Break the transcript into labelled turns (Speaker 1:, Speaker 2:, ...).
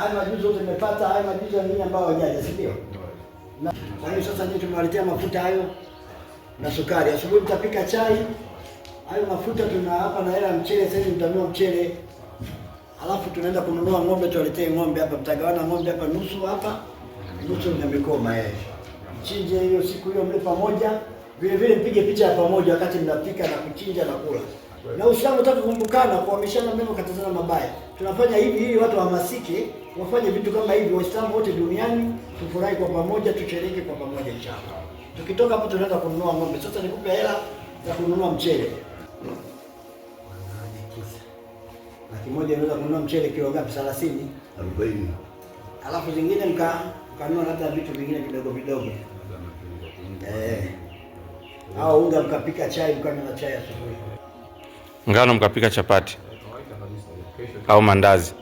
Speaker 1: haya majuzi yote nimepata, haya majuzi nini ambao hawajaja, si ndio? Kwa hiyo sasa ndio tumewaletea mafuta hayo na sukari. Asubuhi mtapika chai, hayo mafuta hapa na hela ya mchele. Sasa mtanua mchele, alafu tunaenda kununua ng'ombe, tuwaletee ng'ombe hapa, mtagawana ng'ombe hapa, nusu hapa, nusu na Mikoma yeye mchinje hiyo siku hiyo, mle pamoja, vile vile mpige picha ya pamoja wakati mnapika na kuchinja na kula na Uislamu unataka kukumbukana, kuhamishana mema, katazana mabaya. Tunafanya hivi ili watu wahamasike wafanye vitu kama hivi. Waislamu wote duniani tufurahi kwa pamoja, tushereke kwa pamoja inshallah. Tukitoka hapo tunaenda kununua ng'ombe. Sasa nikupe hela za kununua mchele laki moja inaweza kununua mchele kilo ngapi? 30
Speaker 2: 40, alafu zingine mka kanua hata vitu vingine vidogo vidogo
Speaker 1: eh, au unga mkapika chai mkanywa na chai asubuhi
Speaker 3: ngano mkapika chapati au mandazi.